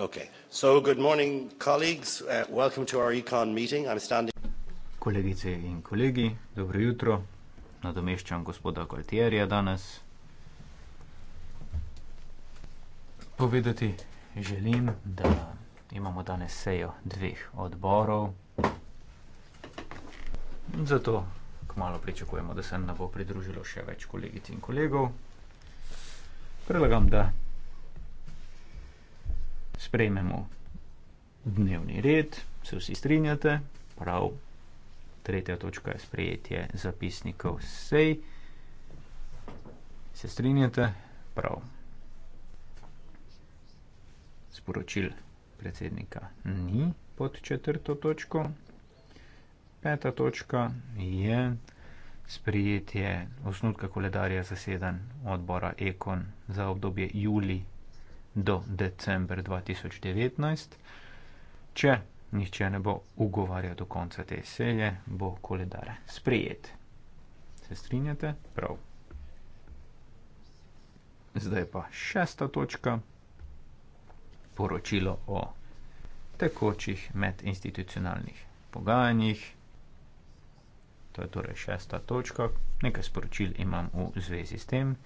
Okay. So good morning, colleagues. Uh, welcome to our econ meeting. I'm standing. Kolegice in kolegi, dobro jutro. Nadomeščam gospoda Galtierja danes. Povedati želim, da imamo danes sejo dveh odborov. Zato kmalo pričakujemo, da se nam bo pridružilo še več kolegic in kolegov. Predlagam, da sprejmemo dnevni red, se vsi strinjate, prav. Tretja točka je sprejetje zapisnikov sej. Se strinjate? Prav. Sporočil predsednika ni pod četrto točko. Peta točka je sprejetje osnutka koledarja zasedanj odbora Ekon za obdobje juli do december 2019. Če nihče ne bo ugovarjal do konca te selje, bo koledar sprejet. Se strinjate? Prav. Zdaj pa šesta točka. Poročilo o tekočih medinstitucionalnih pogajanjih. To je torej šesta točka. Nekaj sporočil imam v zvezi s tem.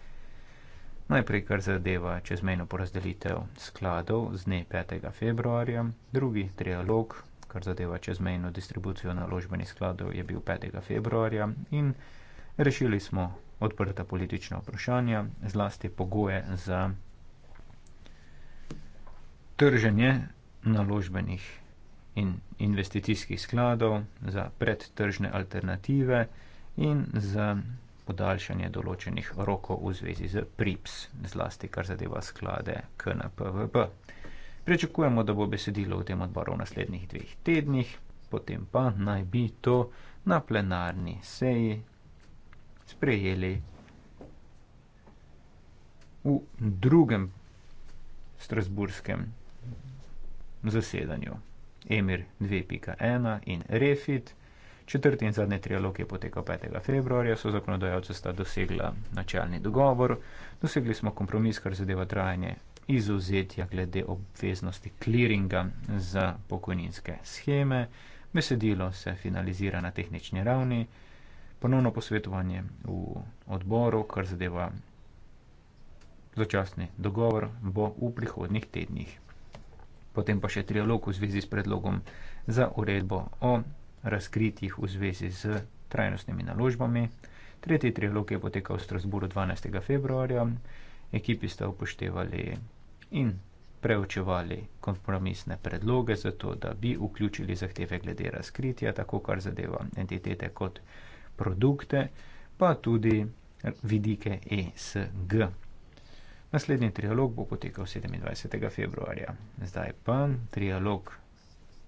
Najprej kar zadeva čezmejno porazdelitev skladov z dne 5. februarja, drugi trialog, kar zadeva čezmejno distribucijo naložbenih skladov, je bil 5. februarja in rešili smo odprta politična vprašanja, zlasti pogoje za trženje naložbenih in investicijskih skladov, za predtržne alternative in za podaljšanje določenih rokov v zvezi z PRIPS, zlasti kar zadeva sklade KNPVB. Prečakujemo, da bo besedilo v tem odboru v naslednjih dveh tednih, potem pa naj bi to na plenarni seji sprejeli v drugem strasburskem zasedanju. Emir 2.1 in Refit 2.1. Četrti in zadnji trialog je potekal 5. februarja, so zakonodajalce sta dosegla načelni dogovor, dosegli smo kompromis, kar zadeva trajanje izuzetja glede obveznosti kliringa za pokojninske scheme. Besedilo se finalizira na tehnični ravni, ponovno posvetovanje v odboru, kar zadeva začasni dogovor, bo v prihodnih tednih. Potem pa še trialog v zvezi s predlogom za uredbo o razkritih v zvezi z trajnostnimi naložbami. Tretji trilog je potekal v Strasburu 12. februarja. Ekipi sta upoštevali in preučevali kompromisne predloge za to, da bi vključili zahteve glede razkritja, tako kar zadeva entitete kot produkte, pa tudi vidike ESG. Naslednji trialog bo potekal 27. februarja. Zdaj pa trialog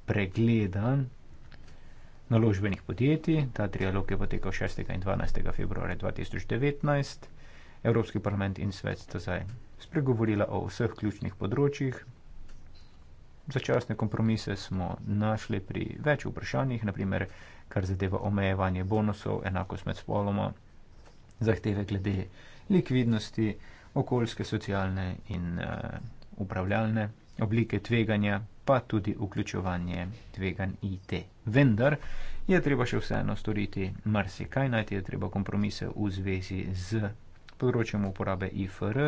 pregledan, naložbenih podjetij. Ta dialog je potekal 6. in 12. februarja 2019. Evropski parlament in svet sta zdaj spregovorila o vseh ključnih področjih. Začasne kompromise smo našli pri več vprašanjih, naprimer kar zadeva omejevanje bonusov, enakost med spoloma, zahteve glede likvidnosti, okoljske, socialne in uh, upravljalne oblike tveganja, pa tudi vključevanje tvegan IT. Vendar je treba še vseeno storiti marsikaj, najti je treba kompromise v zvezi z področjem uporabe IFR,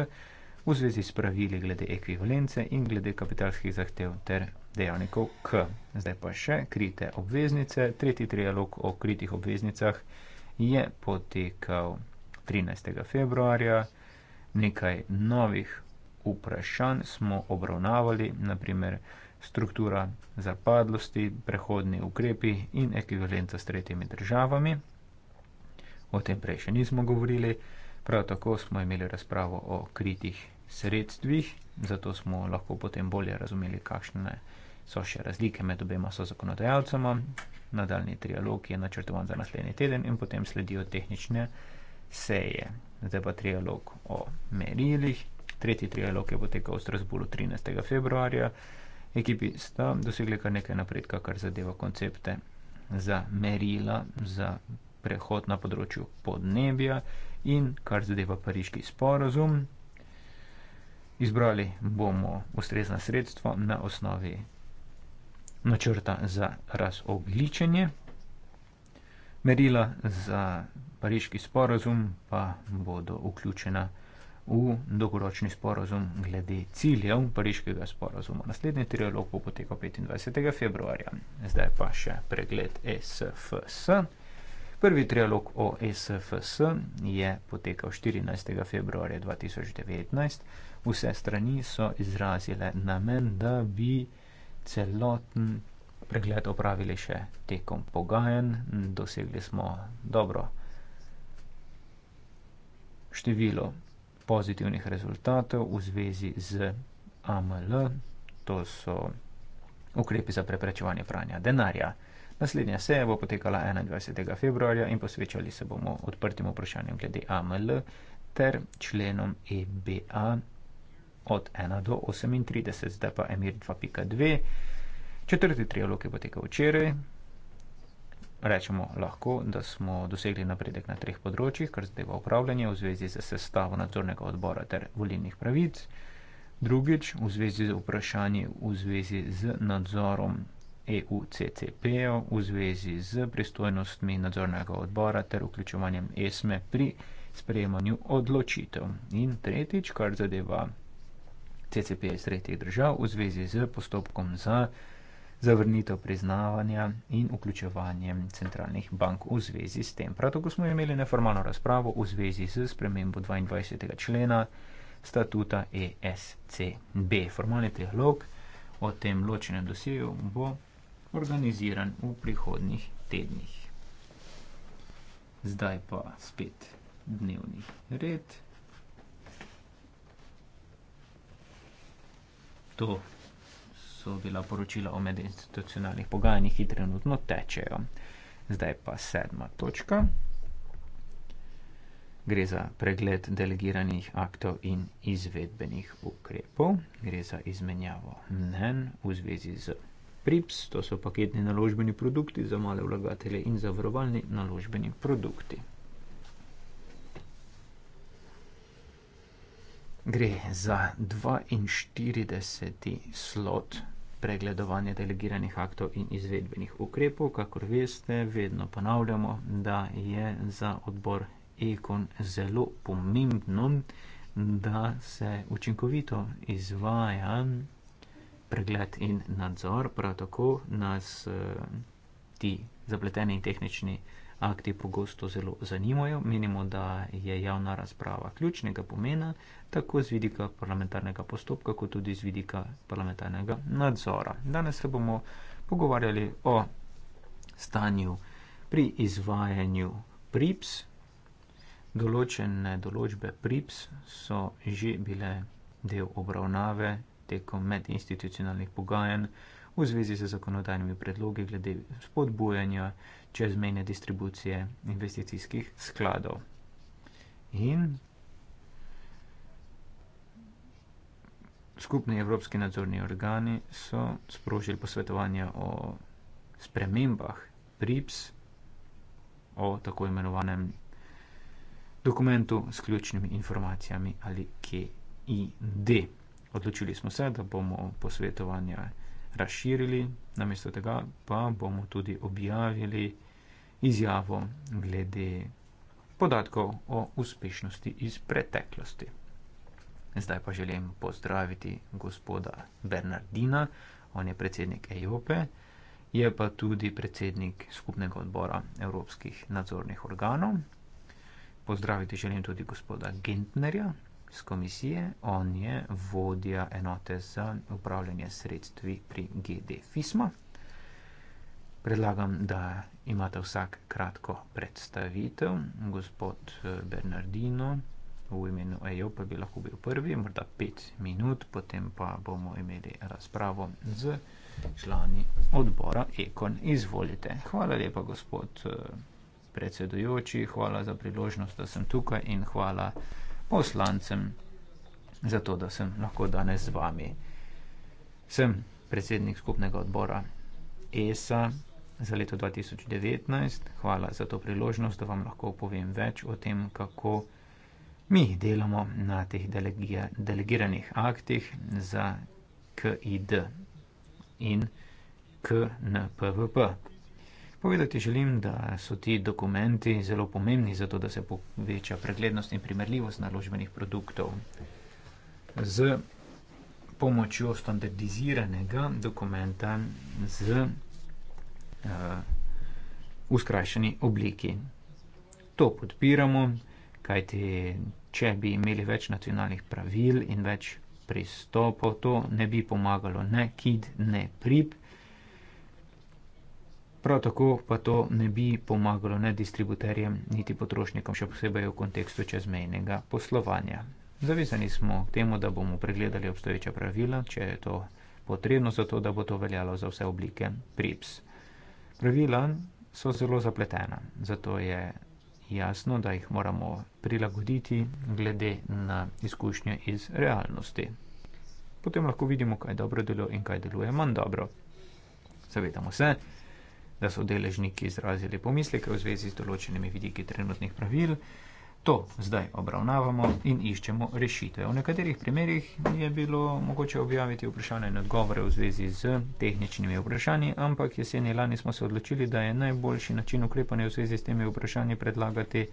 v zvezi s pravili glede ekvivalence in glede kapitalskih zahtev ter dejavnikov K. Zdaj pa še krite obveznice. Tretji trialog o kritih obveznicah je potekal 13. februarja. Nekaj novih vprašanj smo obravnavali, naprimer struktura zapadlosti, prehodni ukrepi in ekvivalenca s tretjimi državami. O tem prej še nismo govorili, prav tako smo imeli razpravo o kritih sredstvih, zato smo lahko potem bolje razumeli, kakšne so še razlike med obema sozakonodajalcema. Nadaljni trialog je načrtovan za naslednji teden in potem sledijo tehnične seje. Zdaj pa trialog o merilih, tretji trialog je potekal v Strasburu 13. februarja. Ekipi sta dosegli kar nekaj napredka, kar zadeva koncepte za merila, za prehod na področju podnebja in kar zadeva pariški sporozum. Izbrali bomo ustrezna sredstva na osnovi načrta za razogličenje. Merila za pariški sporozum pa bodo vključena v dogoročni sporozum glede ciljev pariškega sporozuma. Naslednji trialog bo potekal 25. februarja. Zdaj pa še pregled SFS. E Prvi trialog o SFS e je potekal 14. februarja 2019. Vse strani so izrazile namen, da bi celoten pregled opravili še tekom pogajanj. Dosegli smo dobro število pozitivnih rezultatov v zvezi z AML, to so ukrepi za preprečevanje pranja denarja. Naslednja seja bo potekala 21. februarja in posvečali se bomo odprtim vprašanjem glede AML ter členom EBA od 1 do 38, zdaj pa Emir 2.2. Četrti trialog je potekal včeraj, rečemo lahko, da smo dosegli napredek na treh področjih, kar zdaj v upravljanje v zvezi z sestavo nadzornega odbora ter volilnih pravic. Drugič, v zvezi z vprašanji v zvezi z nadzorom EUCCP-ja, v zvezi z pristojnostmi nadzornega odbora ter vključovanjem ESME pri sprejemanju odločitev. In tretjič, kar zadeva CCP iz tretjih držav, v zvezi z postopkom za zavrnitev priznavanja in vključevanjem centralnih bank v zvezi s tem. Prav tako smo imeli neformalno razpravo v zvezi z spremembo 22. člena statuta ESCB. Formalni dialog o tem ločenem dosilju bo organiziran v prihodnih tednih. Zdaj pa spet dnevni red. To so bila poročila o medinstitucionalnih pogajanjih, ki trenutno tečejo. Zdaj pa sedma točka. Gre za pregled delegiranih aktov in izvedbenih ukrepov. Gre za izmenjavo mnen v zvezi z PRIPS, to so paketni naložbeni produkti za male vlagatelje in zavarovalni naložbeni produkti. gre za 42. slot pregledovanja delegiranih aktov in izvedbenih ukrepov. Kakor veste, vedno ponavljamo, da je za odbor ekon zelo pomembno, da se učinkovito izvaja pregled in nadzor, prav tako nas eh, ti zapleteni in tehnični akti pogosto zelo zanimajo. Menimo, da je javna razprava ključnega pomena, tako z vidika parlamentarnega postopka, kot tudi z vidika parlamentarnega nadzora. Danes se bomo pogovarjali o stanju pri izvajanju PRIPS. Določene določbe PRIPS so že bile del obravnave tekom medinstitucionalnih pogajanj v zvezi z zakonodajnimi predlogi glede spodbujanja čezmejne distribucije investicijskih skladov. In skupni evropski nadzorni organi so sprožili posvetovanje o spremembah PRIPS, o tako imenovanem dokumentu s ključnimi informacijami ali KID. Odločili smo se, da bomo posvetovanje razširili, namesto tega pa bomo tudi objavili izjavo glede podatkov o uspešnosti iz preteklosti. Zdaj pa želim pozdraviti gospoda Bernardina, on je predsednik EOPE, je pa tudi predsednik skupnega odbora evropskih nadzornih organov. Pozdraviti želim tudi gospoda Gentnerja z komisije, on je vodja enote za upravljanje sredstvi pri GD FISMA. Predlagam, da imate vsak kratko predstavitev. Gospod eh, Bernardino, v imenu EJO, pa bi lahko bil prvi, morda pet minut, potem pa bomo imeli razpravo z člani odbora Ekon. Izvolite. Hvala lepa, gospod eh, predsedujoči, hvala za priložnost, da sem tukaj in hvala poslancem za to, da sem lahko danes z vami. Sem predsednik skupnega odbora ESA za leto 2019. Hvala za to priložnost, da vam lahko povem več o tem, kako mi delamo na teh delegiranih aktih za KID in KNPVP. Povedati želim, da so ti dokumenti zelo pomembni za to, da se poveča preglednost in primerljivost naložbenih produktov. Z pomočjo standardiziranega dokumenta z v eh, skrajšani obliki. To podpiramo, kajti če bi imeli več nacionalnih pravil in več pristopov, to ne bi pomagalo ne kid, ne prip. Prav tako pa to ne bi pomagalo ne distributerjem, niti potrošnikom, še posebej v kontekstu čezmejnega poslovanja. Zavezani smo k temu, da bomo pregledali obstoječa pravila, če je to potrebno, zato da bo to veljalo za vse oblike PRIPS. Pravila so zelo zapletena, zato je jasno, da jih moramo prilagoditi glede na izkušnje iz realnosti. Potem lahko vidimo, kaj dobro deluje in kaj deluje manj dobro. Zavedamo se, da so deležniki izrazili pomisleke v zvezi z določenimi vidiki trenutnih pravil. To zdaj obravnavamo in iščemo rešitve. V nekaterih primerjih je bilo mogoče objaviti vprašanje in odgovore v zvezi z tehničnimi vprašanji, ampak jeseni lani smo se odločili, da je najboljši način ukrepanja v zvezi s temi vprašanji predlagati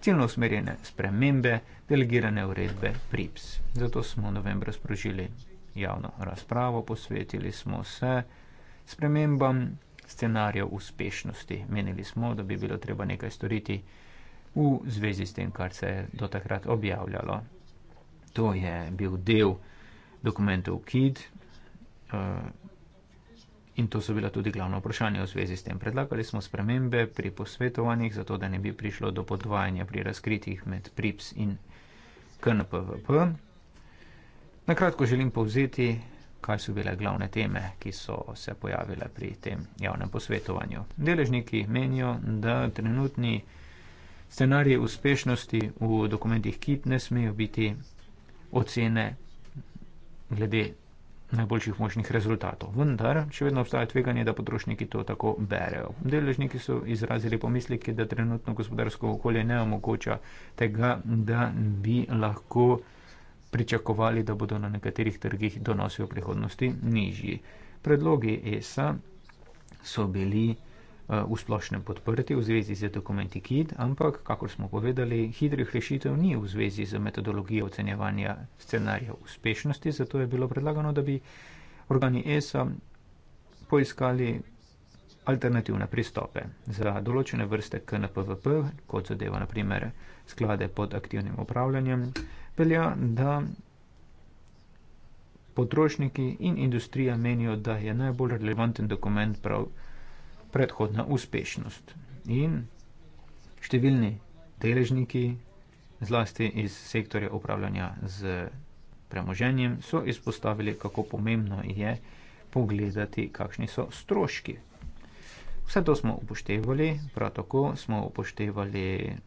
ciljno usmerjene spremembe delegirane uredbe PRIPS. Zato smo novembra sprožili javno razpravo, posvetili smo se spremembam scenarijev uspešnosti. Menili smo, da bi bilo treba nekaj storiti v zvezi s tem, kar se je do takrat objavljalo. To je bil del dokumentov KID eh, in to so bila tudi glavna vprašanja v zvezi s tem. Predlagali smo spremembe pri posvetovanjih, zato da ne bi prišlo do podvajanja pri razkritih med PRIPS in KNPVP. Nakratko želim povzeti, kaj so bile glavne teme, ki so se pojavile pri tem javnem posvetovanju. Deležniki menijo, da trenutni scenarije uspešnosti v dokumentih KIP ne smejo biti ocene glede najboljših možnih rezultatov. Vendar še vedno obstaja tveganje, da potrošniki to tako berejo. Deležniki so izrazili pomisleke, da trenutno gospodarsko okolje ne omogoča tega, da bi lahko pričakovali, da bodo na nekaterih trgih donosi v prihodnosti nižji. Predlogi ESA so bili Eh, v splošnem podprti v zvezi z dokumenti KID, ampak, kako smo povedali, hitrih rešitev ni v zvezi z metodologijo ocenjevanja scenarija uspešnosti, zato je bilo predlagano, da bi organi ESA poiskali alternativne pristope za določene vrste KNPVP, kot zadeva naprimer sklade pod aktivnim upravljanjem, velja, da potrošniki in industrija menijo, da je najbolj relevanten dokument prav predhodna uspešnost. In številni deležniki, zlasti iz sektorja upravljanja z premoženjem, so izpostavili, kako pomembno je pogledati, kakšni so stroški. Vse to smo upoštevali, prav tako smo upoštevali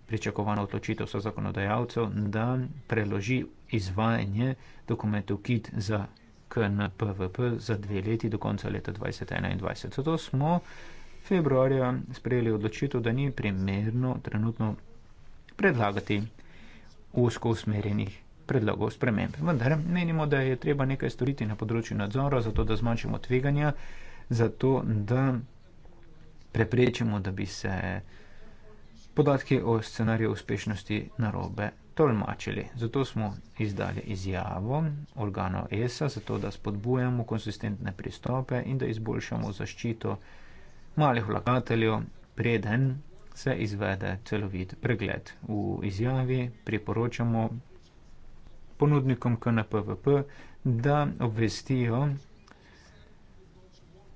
pričakovano odločitev so zakonodajalcev, da preloži izvajanje dokumentov KIT za KNPVP za dve leti do konca leta 2021. Zato smo februarja sprejeli odločitev, da ni primerno trenutno predlagati usko usmerjenih predlogov sprememb. Vendar menimo, da je treba nekaj storiti na področju nadzora, zato da zmanjšamo tveganja, zato da preprečimo, da bi se podatki o scenariju uspešnosti narobe tolmačili. Zato smo izdali izjavo organov ESA, zato da spodbujamo konsistentne pristope in da izboljšamo zaščito malih vlagateljev, preden se izvede celovit pregled. V izjavi priporočamo ponudnikom KNPVP, da obvestijo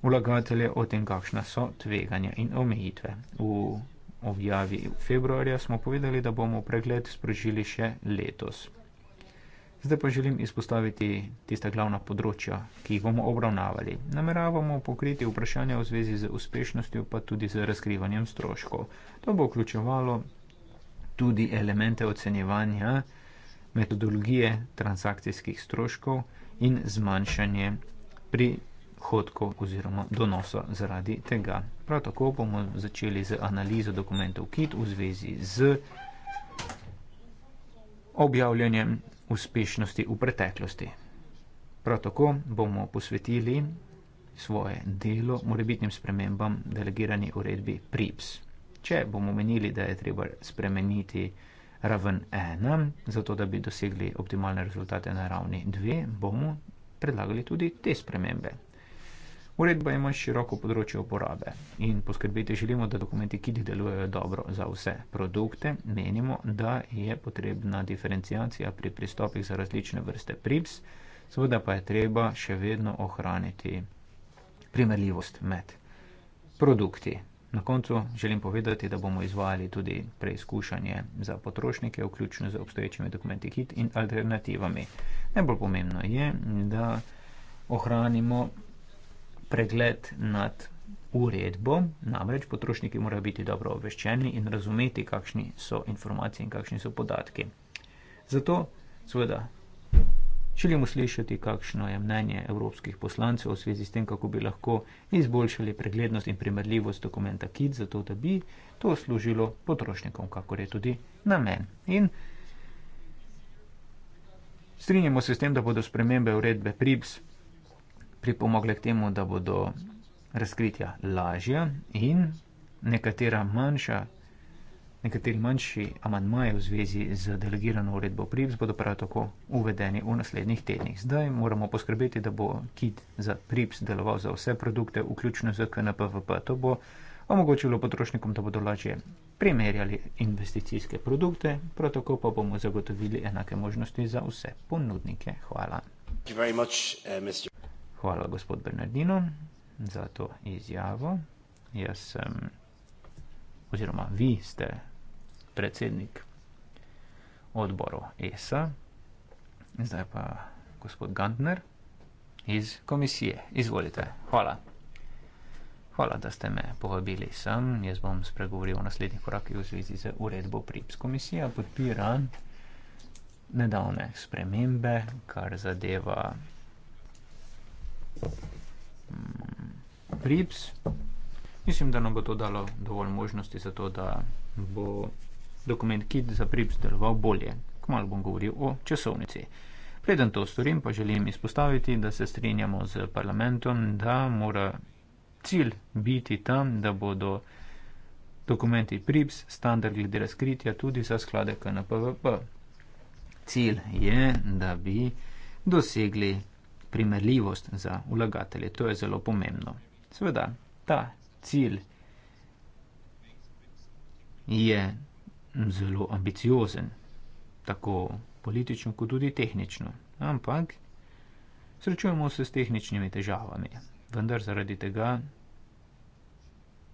vlagatelje o tem, kakšna so tveganja in omejitve. V objavi februarja smo povedali, da bomo pregled sprožili še letos. Zdaj pa želim izpostaviti tista glavna področja, ki jih bomo obravnavali. Nameravamo pokriti vprašanja v zvezi z uspešnostjo, pa tudi z razkrivanjem stroškov. To bo vključevalo tudi elemente ocenjevanja metodologije transakcijskih stroškov in zmanjšanje prihodkov oziroma donosa zaradi tega. Prav tako bomo začeli z analizo dokumentov KIT v zvezi z objavljanjem uspešnosti v preteklosti. Prav tako bomo posvetili svoje delo morebitnim spremembam delegirani uredbi PRIPS. Če bomo menili, da je treba spremeniti raven 1, zato da bi dosegli optimalne rezultate na ravni 2, bomo predlagali tudi te spremembe. Uredba ima široko področje uporabe in poskrbeti želimo, da dokumenti KID delujejo dobro za vse produkte. Menimo, da je potrebna diferencijacija pri pristopih za različne vrste PRIPS, seveda pa je treba še vedno ohraniti primerljivost med produkti. Na koncu želim povedati, da bomo izvajali tudi preizkušanje za potrošnike, vključno z obstoječimi dokumenti KID in alternativami. Najbolj pomembno je, da ohranimo pregled nad uredbo, namreč potrošniki morajo biti dobro obveščeni in razumeti, kakšni so informacije in kakšni so podatki. Zato, seveda, želimo slišati, kakšno je mnenje evropskih poslancev v zvezi s tem, kako bi lahko izboljšali preglednost in primerljivost dokumenta KID, zato da bi to služilo potrošnikom, kakor je tudi namen. In strinjamo se s tem, da bodo spremembe uredbe PRIBS pripomogle k temu, da bodo razkritja lažja in nekatera manjša. Nekateri manjši amantmaji v zvezi z delegirano uredbo PRIPS bodo prav tako uvedeni v naslednjih tednih. Zdaj moramo poskrbeti, da bo kit za PRIPS deloval za vse produkte, vključno z KNPVP. To bo omogočilo potrošnikom, da bodo lažje primerjali investicijske produkte, prav tako pa bomo zagotovili enake možnosti za vse ponudnike. Hvala. Hvala, gospod Bernardino, za to izjavo. Jaz sem, oziroma vi ste predsednik odborov ESA, zdaj pa gospod Gantner iz komisije. Izvolite. Hvala. Hvala, da ste me povabili sem. Jaz bom spregovoril o naslednjih korakih v zvezi z uredbo PRIPS. Komisija podpira nedavne spremembe, kar zadeva Mm, prips. Mislim, da nam bo to dalo dovolj možnosti za to, da bo dokument kit za prips deloval bolje. Kmalo bom govoril o časovnici. Preden to storim, pa želim izpostaviti, da se strinjamo z parlamentom, da mora cilj biti tam, da bodo dokumenti prips standard glede razkritja tudi za sklade KNPVP. Cilj je, da bi dosegli primerljivost za vlagatelje. To je zelo pomembno. Seveda, ta cilj je zelo ambiciozen, tako politično kot tudi tehnično. Ampak srečujemo se s tehničnimi težavami. Vendar zaradi tega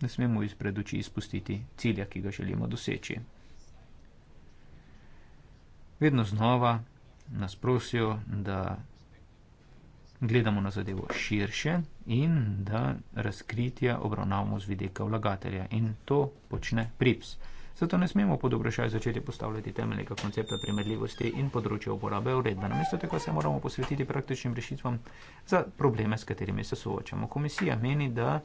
ne smemo izpred oči izpustiti cilja, ki ga želimo doseči. Vedno znova nas prosijo, da gledamo na zadevo širše in da razkritja obravnavamo z vidika vlagatelja. In to počne PRIPS. Zato ne smemo pod vprašanje začeti postavljati temeljnega koncepta primerljivosti in področja uporabe uredbe. Namesto tega se moramo posvetiti praktičnim rešitvam za probleme, s katerimi se soočamo. Komisija meni, da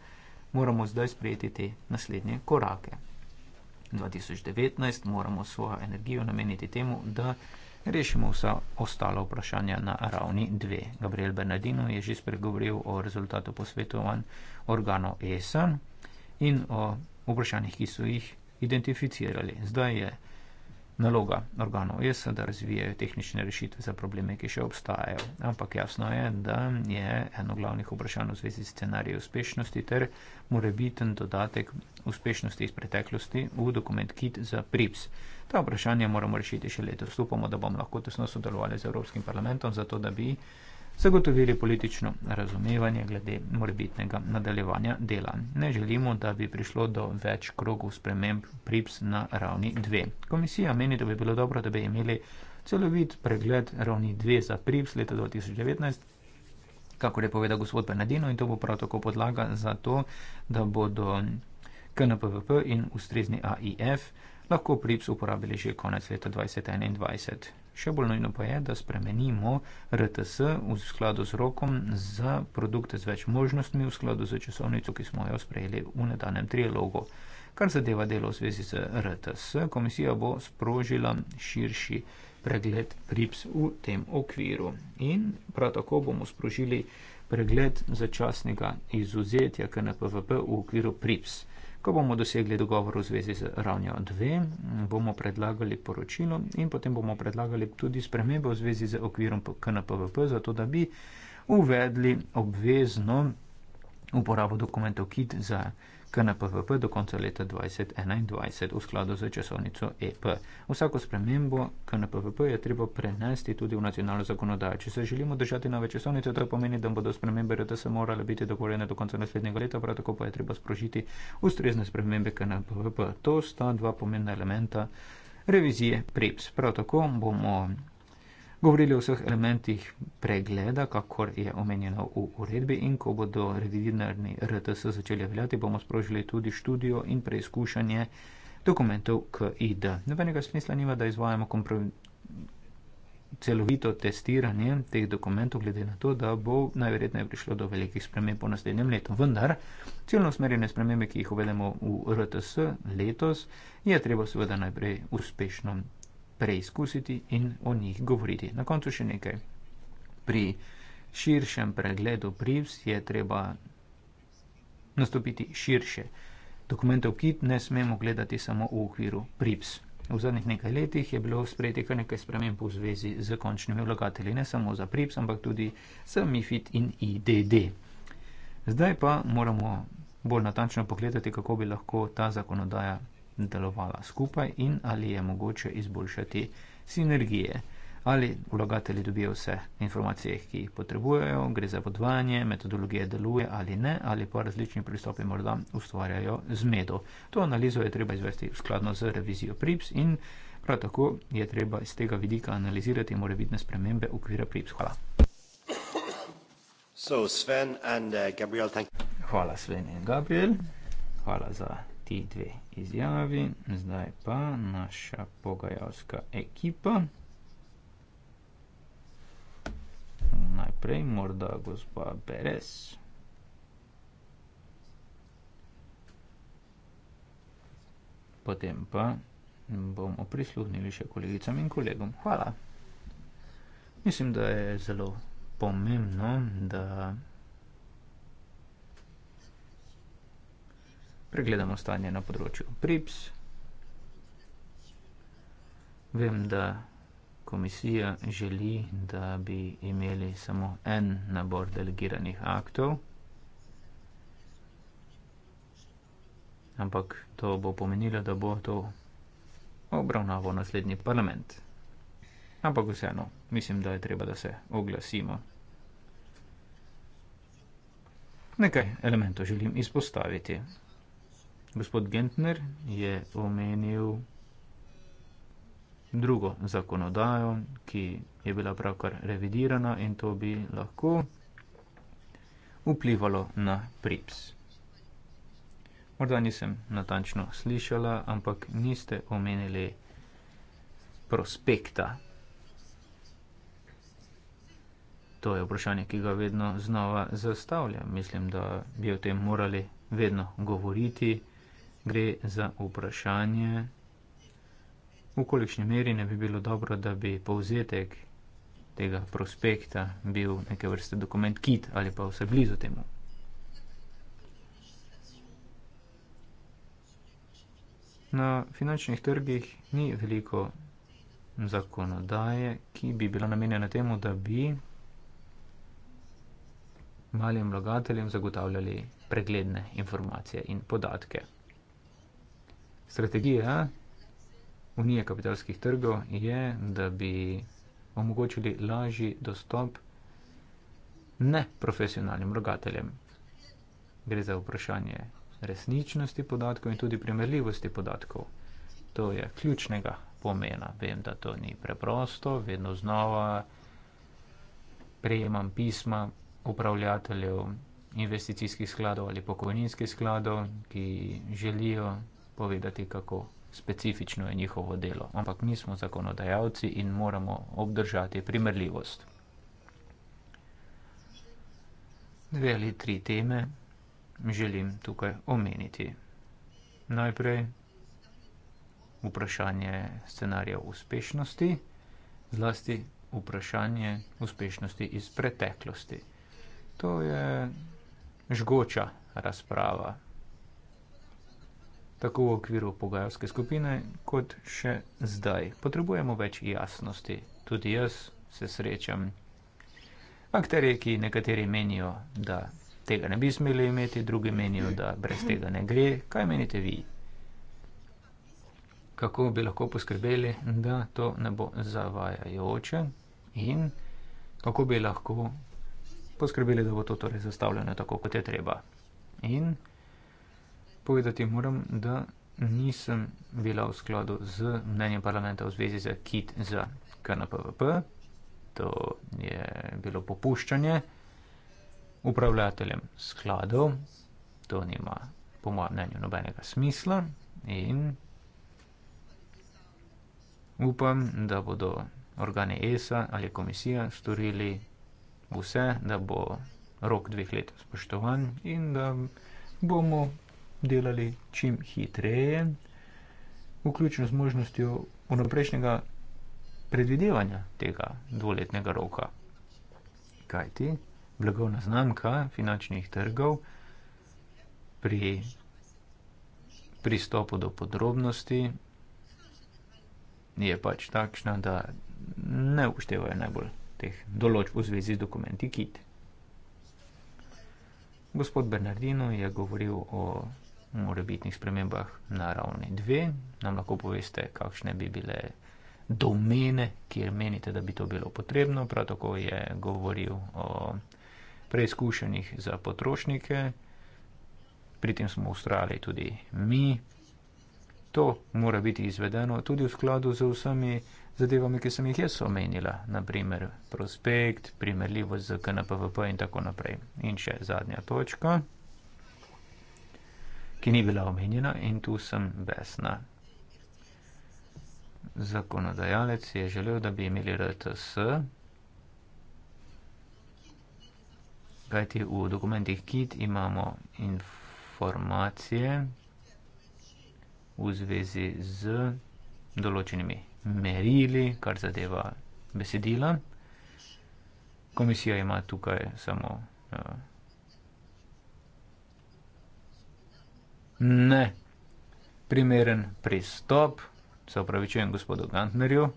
moramo zdaj sprejeti te naslednje korake. 2019 moramo svojo energijo nameniti temu, da rešimo vsa ostala vprašanja na ravni 2. Gabriel Bernardino je že spregovoril o rezultatu posvetovanj organov ESA in o vprašanjih, ki so jih identificirali. Zdaj je naloga organov ES, da razvijajo tehnične rešitve za probleme, ki še obstajajo. Ampak jasno je, da je eno glavnih vprašanj v zvezi s scenariji uspešnosti ter morebiten dodatek uspešnosti iz preteklosti v dokument KIT za PRIPS. Ta vprašanja moramo rešiti še letos. Upamo, da bomo lahko tesno sodelovali z Evropskim parlamentom, zato da bi zagotovili politično razumevanje glede morbitnega nadaljevanja dela. Ne želimo, da bi prišlo do več krogov sprememb PRIPS na ravni 2. Komisija meni, da bi bilo dobro, da bi imeli celovit pregled ravni 2 za PRIPS leta 2019, kako je povedal gospod Bernardino in to bo prav tako podlaga za to, da bodo KNPVP in ustrezni AIF lahko PRIPS uporabili že konec leta 2021. Še bolj nujno pa je, da spremenimo RTS v skladu z rokom za produkte z več možnostmi v skladu z časovnico, ki smo jo sprejeli v nedanem trialogu. Kar zadeva delo v zvezi z RTS, komisija bo sprožila širši pregled RIPS v tem okviru. In prav tako bomo sprožili pregled začasnega izuzetja KNPVP v okviru PRIPS. Ko bomo dosegli dogovor v zvezi z ravnjo 2, bomo predlagali poročilo in potem bomo predlagali tudi spremembe v zvezi z okvirom KNPVP, zato da bi uvedli obvezno uporabo dokumentov KIT za. KNPVP do konca leta 2021 v skladu z časovnico EP. Vsako spremembo KNPVP je treba prenesti tudi v nacionalno zakonodajo. Če se želimo držati nove časovnice, to pomeni, da bodo spremembe RTS morale biti dogovorjene do konca naslednjega leta, prav tako pa je treba sprožiti ustrezne spremembe KNPVP. To sta dva pomembna elementa revizije PREPS. Prav tako bomo govorili o vseh elementih pregleda, kakor je omenjeno v uredbi in ko bodo revidirani RTS začeli veljati, bomo sprožili tudi študijo in preizkušanje dokumentov k ID. Nobenega smisla nima, da izvajamo celovito testiranje teh dokumentov, glede na to, da bo najverjetneje prišlo do velikih sprememb po naslednjem letu. Vendar, ciljno usmerjene spremembe, ki jih uvedemo v RTS letos, je treba seveda najprej uspešno preizkusiti in o njih govoriti. Na koncu še nekaj. Pri širšem pregledu privs je treba nastopiti širše. Dokumentov kit ne smemo gledati samo v okviru privs. V zadnjih nekaj letih je bilo sprejeti kar nekaj sprememb v zvezi z končnimi vlagatelji, ne samo za privs, ampak tudi za MIFID in IDD. Zdaj pa moramo bolj natančno pogledati, kako bi lahko ta zakonodaja delovala skupaj in ali je mogoče izboljšati sinergije. Ali vlagatelji dobijo vse informacije, ki jih potrebujejo, gre za podvajanje, metodologija deluje ali ne, ali pa različni pristopi morda ustvarjajo zmedo. To analizo je treba izvesti skladno z revizijo PRIPS in prav tako je treba iz tega vidika analizirati morebitne spremembe okvira PRIPS. Hvala. So, and, uh, Gabriel, Hvala Sven in Gabriel. Hvala za ti dve izjavi, zdaj pa naša pogajalska ekipa. Najprej morda gospa Beres. Potem pa bomo prisluhnili še kolegicam in kolegom. Hvala. Mislim, da je zelo pomembno, da. pregledamo stanje na področju PRIPS. Vem, da komisija želi, da bi imeli samo en nabor delegiranih aktov, ampak to bo pomenilo, da bo to obravnaval naslednji parlament. Ampak vseeno, mislim, da je treba, da se oglasimo. Nekaj elementov želim izpostaviti. Gospod Gentner je omenil drugo zakonodajo, ki je bila pravkar revidirana in to bi lahko vplivalo na prips. Morda nisem natančno slišala, ampak niste omenili prospekta. To je vprašanje, ki ga vedno znova zastavljam. Mislim, da bi o tem morali vedno govoriti gre za vprašanje, v kolikšni meri ne bi bilo dobro, da bi povzetek tega prospekta bil neke vrste dokument kit ali pa vse blizu temu. Na finančnih trgih ni veliko zakonodaje, ki bi bila namenjena temu, da bi malim vlagateljem zagotavljali pregledne informacije in podatke strategija Unije kapitalskih trgov je, da bi omogočili lažji dostop neprofesionalnim rogateljem. Gre za vprašanje resničnosti podatkov in tudi primerljivosti podatkov. To je ključnega pomena. Vem, da to ni preprosto, vedno znova prejemam pisma upravljateljev investicijskih skladov ali pokojninskih skladov, ki želijo povedati, kako specifično je njihovo delo. Ampak mi smo zakonodajalci in moramo obdržati primerljivost. Dve ali tri teme želim tukaj omeniti. Najprej vprašanje scenarija uspešnosti, zlasti vprašanje uspešnosti iz preteklosti. To je žgoča razprava, tako v okviru pogajalske skupine, kot še zdaj. Potrebujemo več jasnosti. Tudi jaz se srečam. Akterje, ki nekateri menijo, da tega ne bi smeli imeti, drugi menijo, da brez tega ne gre. Kaj menite vi? Kako bi lahko poskrbeli, da to ne bo zavajajoče in kako bi lahko poskrbeli, da bo to torej zastavljeno tako, kot je treba. In povedati moram, da nisem bila v skladu z mnenjem parlamenta v zvezi za kit za KNPVP. To je bilo popuščanje upravljateljem skladov. To nima po mojem mnenju nobenega smisla in upam, da bodo organi ESA ali komisija storili vse, da bo rok dveh let spoštovan in da bomo delali čim hitreje, vključno z možnostjo unoprejšnjega predvidevanja tega dvoletnega roka. Kaj ti, blagovna znamka finančnih trgov pri pristopu do podrobnosti je pač takšna, da ne uštevajo najbolj teh določb v zvezi z dokumenti KIT. Gospod Bernardino je govoril o morebitnih spremembah na ravni 2. Nam lahko poveste, kakšne bi bile domene, kjer menite, da bi to bilo potrebno. Prav tako je govoril o preizkušenih za potrošnike. Pri tem smo ustrali tudi mi. To mora biti izvedeno tudi v skladu z vsemi zadevami, ki sem jih jaz omenila, naprimer prospekt, primerljivost z KNPVP in tako naprej. In še zadnja točka ki ni bila omenjena in tu sem besna. Zakonodajalec je želel, da bi imeli RTS, kajti v dokumentih KIT imamo informacije v zvezi z določenimi merili, kar zadeva besedila. Komisija ima tukaj samo uh, ne primeren pristop, se upravičujem gospodu Gantnerju,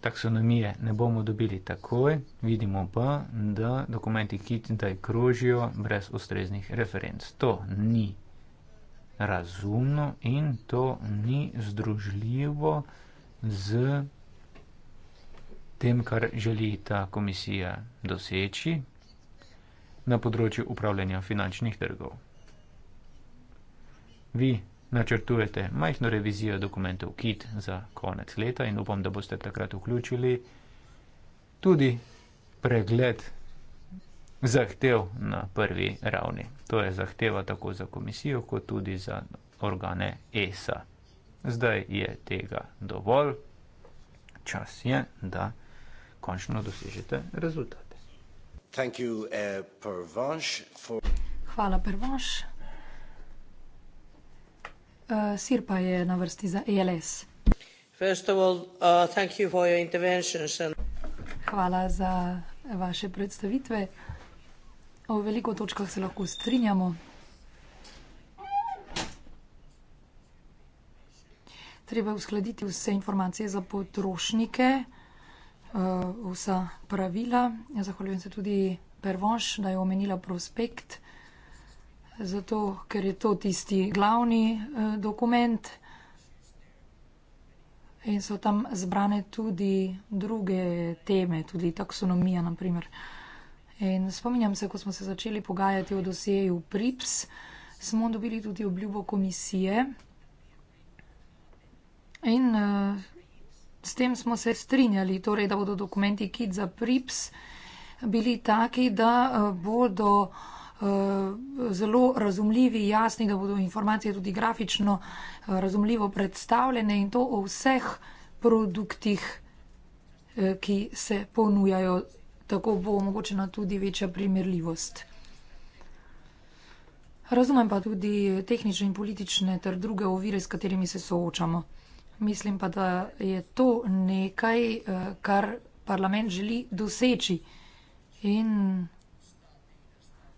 taksonomije ne bomo dobili takoj, vidimo pa, da dokumenti Kitintaj krožijo brez ustreznih referenc. To ni razumno in to ni združljivo z tem, kar želi ta komisija doseči na področju upravljanja finančnih trgov vi načrtujete majhno revizijo dokumentov KIT za konec leta in upam, da boste takrat vključili tudi pregled zahtev na prvi ravni. To je zahteva tako za komisijo, kot tudi za organe ESA. Zdaj je tega dovolj. Čas je, da končno dosežete rezultate. Eh, Hvala, Pervanš. Eh, sir pa je na vrsti za ELS. Uh, Hvala za vaše predstavitve. O veliko točkah se lahko strinjamo. Treba je uskladiti vse informacije za potrošnike, eh, vsa pravila. Zahvaljujem se tudi Pervoš, da je omenila prospekt zato ker je to tisti glavni eh, dokument in so tam zbrane tudi druge teme, tudi taksonomija naprimer. In spominjam se, ko smo se začeli pogajati o dosjeju PRIPS, smo dobili tudi obljubo komisije in eh, s tem smo se strinjali, torej, da bodo dokumenti KIT za PRIPS bili taki, da eh, bodo Eh, zelo razumljivi, jasni, da bodo informacije tudi grafično eh, razumljivo predstavljene in to o vseh produktih, eh, ki se ponujajo. Tako bo omogočena tudi večja primerljivost. Razumem pa tudi tehnične in politične ter druge ovire, s katerimi se soočamo. Mislim pa, da je to nekaj, kar parlament želi doseči. In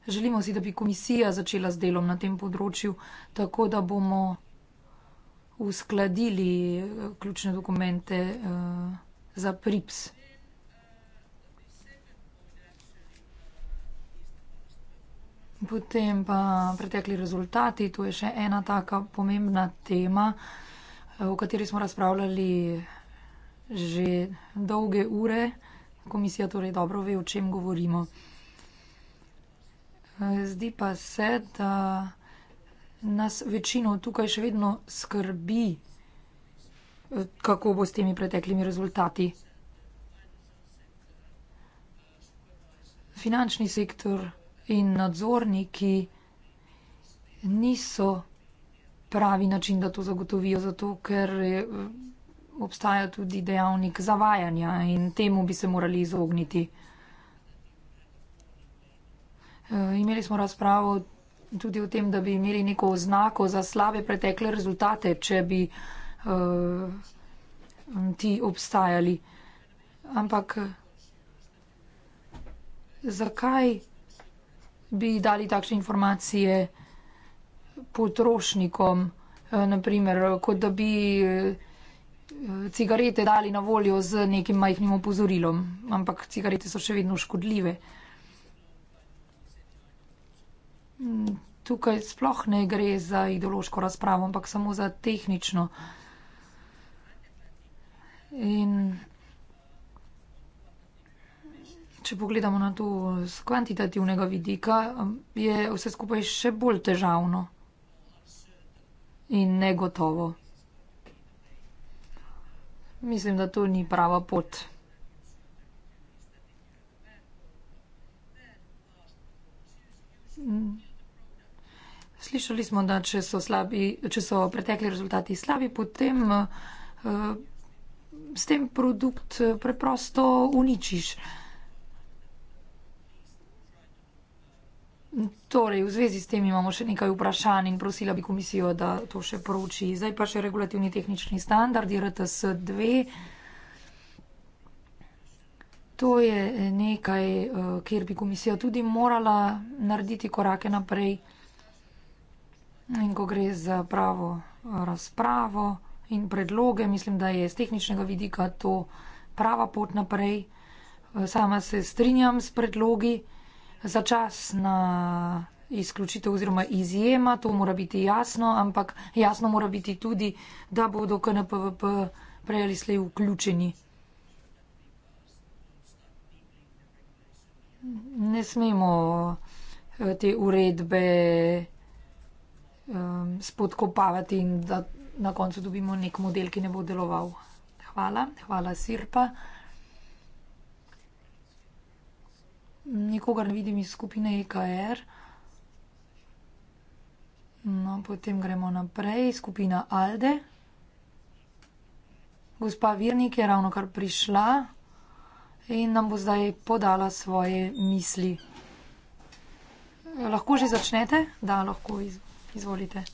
Želimo si, da bi komisija začela z delom na tem področju, tako da bomo uskladili eh, ključne dokumente uh, za PRIPS. Potem pa pretekli rezultati, to je še ena taka pomembna tema, eh, o kateri smo razpravljali že dolge ure. Komisija torej dobro ve, o čem govorimo. Zdi pa se, da nas večino tukaj še vedno skrbi, kako bo s temi preteklimi rezultati. Finančni sektor in nadzorniki niso pravi način, da to zagotovijo, zato ker obstaja tudi dejavnik zavajanja in temu bi se morali izogniti. Eh, imeli smo razpravo tudi o tem, da bi imeli neko oznako za slabe pretekle rezultate, če bi eh, ti obstajali. Ampak zakaj bi dali takšne informacije potrošnikom, eh, naprimer, kot da bi cigarete dali na voljo z nekim majhnim opozorilom, ampak cigarete so še vedno škodljive. Mm, tukaj sploh ne gre za ideološko razpravo, ampak samo za tehnično. In če pogledamo na to z kvantitativnega vidika, um, je vse skupaj še bolj težavno in negotovo. Mislim, da to ni prava pot. Mm. Slišali smo, da če so, slabi, če so pretekli rezultati slabi, potem uh, s tem produkt eh, preprosto uničiš. Torej, v zvezi s tem imamo še nekaj vprašanj in prosila bi komisijo, da to še prouči. Zdaj pa še regulativni tehnični standardi RTS 2. To je nekaj, eh, kjer bi komisija tudi morala narediti korake naprej. No, in ko gre za pravo eh, razpravo in predloge, mislim, da je z tehničnega vidika to prava pot naprej. Eh, sama se strinjam s predlogi za čas na izključitev oziroma izjema, to mora biti jasno, ampak jasno mora biti tudi, da bodo KNPVP prej ali slej vključeni. Ne smemo eh, te uredbe um, spodkopavati in da na koncu dobimo nek model, ki ne bo deloval. Hvala, hvala Sirpa. Nikogar ne vidim iz skupine EKR. No, potem gremo naprej, skupina Alde. Gospa Virnik je ravno kar prišla in nam bo zdaj podala svoje misli. Lahko že začnete? Da, lahko izvolite. Izvolite.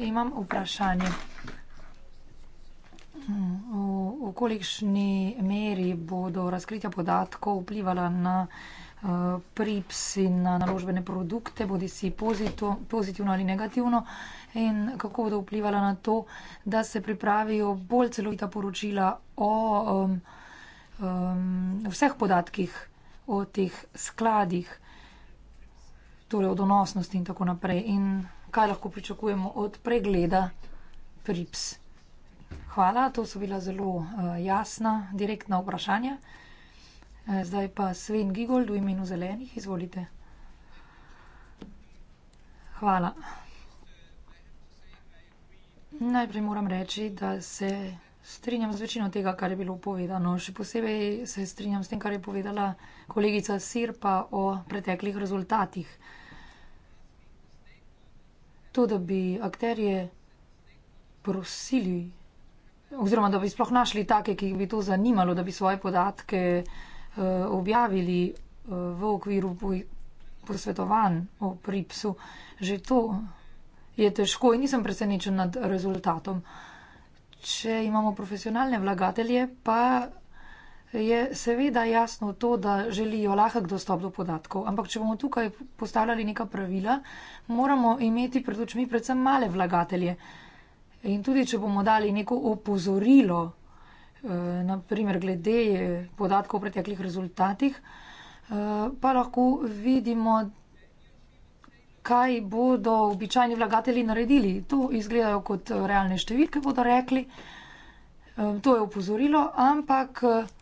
Imam vprašanje. V, v kolikšni meri bodo razkritja podatkov vplivala na uh, prips in na naložbene produkte, bodi si pozitu, pozitivno ali negativno, in kako bodo vplivala na to, da se pripravijo bolj celovita poročila o um, um, vseh podatkih o teh skladih torej o donosnosti in tako naprej. In kaj lahko pričakujemo od pregleda PRIPS? Hvala, to so bila zelo uh, jasna, direktna vprašanja. E, zdaj pa Sven Gigold v imenu zelenih, izvolite. Hvala. Najprej moram reči, da se strinjam z večino tega, kar je bilo povedano. Še posebej se strinjam s tem, kar je povedala kolegica Sirpa o preteklih rezultatih. To, da bi akterje prosili, oziroma da bi sploh našli take, ki bi to zanimalo, da bi svoje podatke uh, objavili uh, v okviru posvetovanj o pripsu, že to je težko in nisem presenečen nad rezultatom. Uh, če imamo profesionalne vlagatelje, pa je seveda jasno to, da želijo lahek dostop do podatkov. Ampak če bomo tukaj postavljali neka pravila, moramo imeti pred očmi predvsem male vlagatelje. In tudi, če bomo dali neko opozorilo, eh, naprimer glede eh, podatkov o preteklih rezultatih, eh, pa lahko vidimo, kaj bodo običajni vlagatelji naredili. To izgledajo kot eh, realne številke, bodo rekli. Ehm, to je upozorilo, ampak eh,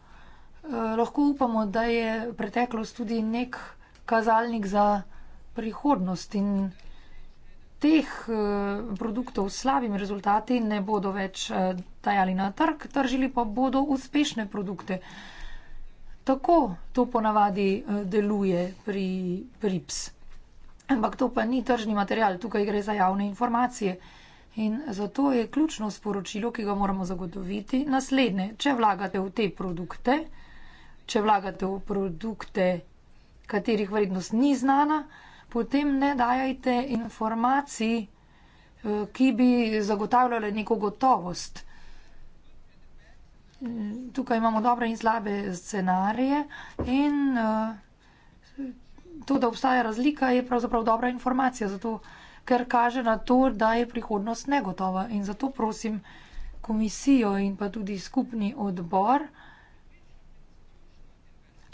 lahko upamo, da je preteklost tudi nek kazalnik za prihodnost in teh eh, produktov s slabimi rezultati ne bodo več tajali na trg, tržili pa bodo uspešne produkte. Tako to ponavadi deluje pri PRIPS. Ampak to pa ni tržni material, tukaj gre za javne informacije. In zato je ključno sporočilo, ki ga moramo zagotoviti, naslednje. Če vlagate v te produkte, če vlagate v produkte, katerih vrednost ni znana, potem ne dajajte informacij, eh, ki bi zagotavljale neko gotovost. Tukaj imamo dobre in slabe scenarije in eh, to, da obstaja razlika, je pravzaprav dobra informacija, zato, ker kaže na to, da je prihodnost negotova. In zato prosim komisijo in pa tudi skupni odbor,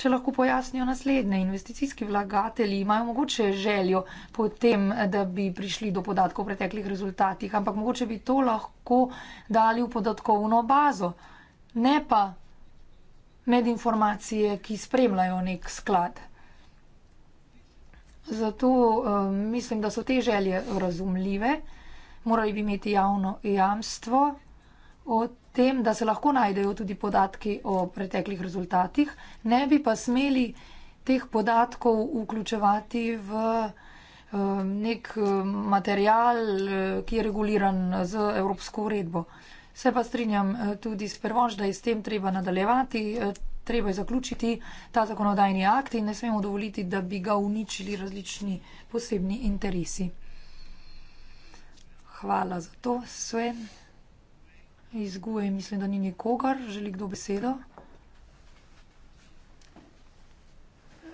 če lahko pojasnijo naslednje. Investicijski vlagatelji imajo mogoče željo po tem, da bi prišli do podatkov o preteklih rezultatih, ampak mogoče bi to lahko dali v podatkovno bazo, ne pa med informacije, ki spremljajo nek sklad. Zato um, mislim, da so te želje razumljive. Morali bi imeti javno jamstvo o tem, da se lahko najdejo tudi podatki o preteklih rezultatih, ne bi pa smeli teh podatkov vključevati v um, nek eh, material, ki je reguliran z Evropsko uredbo. Se pa strinjam tudi s prvonš, da je s tem treba nadaljevati treba je zaključiti ta zakonodajni akt in ne smemo dovoliti, da bi ga uničili različni posebni interesi. Hvala za to, Sven. Izguje, mislim, da ni nikogar. Želi kdo besedo?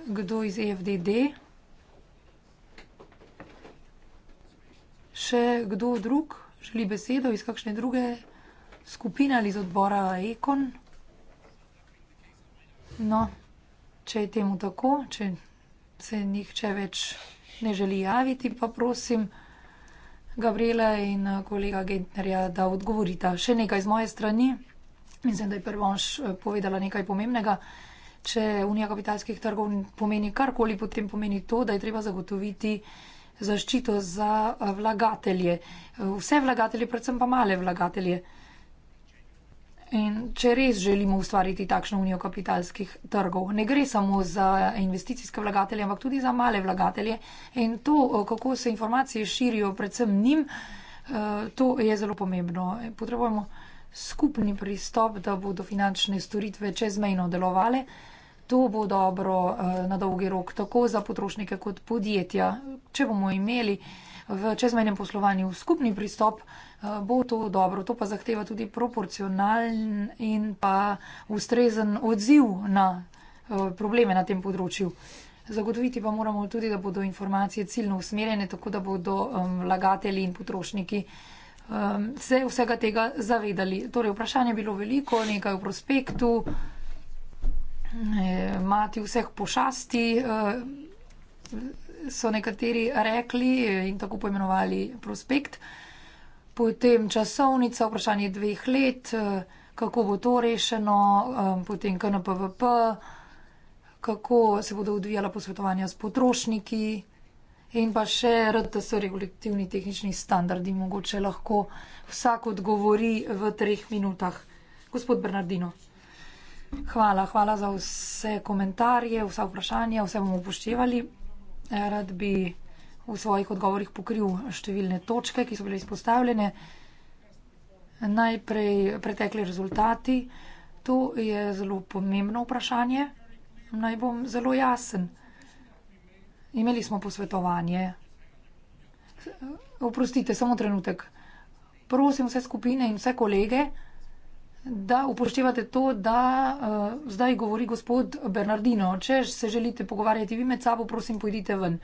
Kdo iz EFDD? Še kdo drug želi besedo iz kakšne druge skupine ali iz odbora Ekon? No, če je temu tako, če se nihče več ne želi javiti, pa prosim Gabriela in eh, kolega Gentnerja, da odgovorita. Še nekaj z moje strani. Mislim, da je prvonš eh, povedala nekaj pomembnega. Če Unija kapitalskih trgov pomeni karkoli, potem pomeni to, da je treba zagotoviti zaščito za eh, vlagatelje. Vse vlagatelje, predvsem pa male vlagatelje. In če res želimo ustvariti takšno unijo kapitalskih trgov, ne gre samo za investicijske vlagatelje, ampak tudi za male vlagatelje. In to, eh, kako se informacije širijo predvsem njim, eh, to je zelo pomembno. Potrebujemo skupni pristop, da bodo finančne storitve čezmejno delovale to bo dobro eh, na dolgi rok, tako za potrošnike kot podjetja. Če bomo imeli v čezmejnem poslovanju skupni pristop, eh, bo to dobro. To pa zahteva tudi proporcionalen in pa ustrezen odziv na eh, probleme na tem področju. Zagotoviti pa moramo tudi, da bodo informacije ciljno usmerjene, tako da bodo vlagatelji in potrošniki se vsega tega zavedali. Torej, vprašanje je bilo veliko, nekaj v prospektu mati vseh pošasti, eh, so nekateri rekli in tako poimenovali prospekt. Potem časovnica, vprašanje dveh let, eh, kako bo to rešeno, eh, potem KNPVP, kako se bodo odvijala posvetovanja s potrošniki in pa še RTS, regulativni tehnični standardi. Mogoče lahko vsak odgovori v treh minutah. Gospod Bernardino. Hvala, hvala za vse komentarje, vsa vprašanja, vse bomo upoštevali. Rad bi v svojih odgovorih pokril številne točke, ki so bile izpostavljene. Najprej pretekli rezultati. To je zelo pomembno vprašanje. Naj bom zelo jasen. Imeli smo posvetovanje. Oprostite, samo trenutek. Prosim vse skupine in vse kolege, da upoštevate to, da uh, zdaj govori gospod Bernardino. Če se želite pogovarjati vi med sabo, prosim, pojdite ven.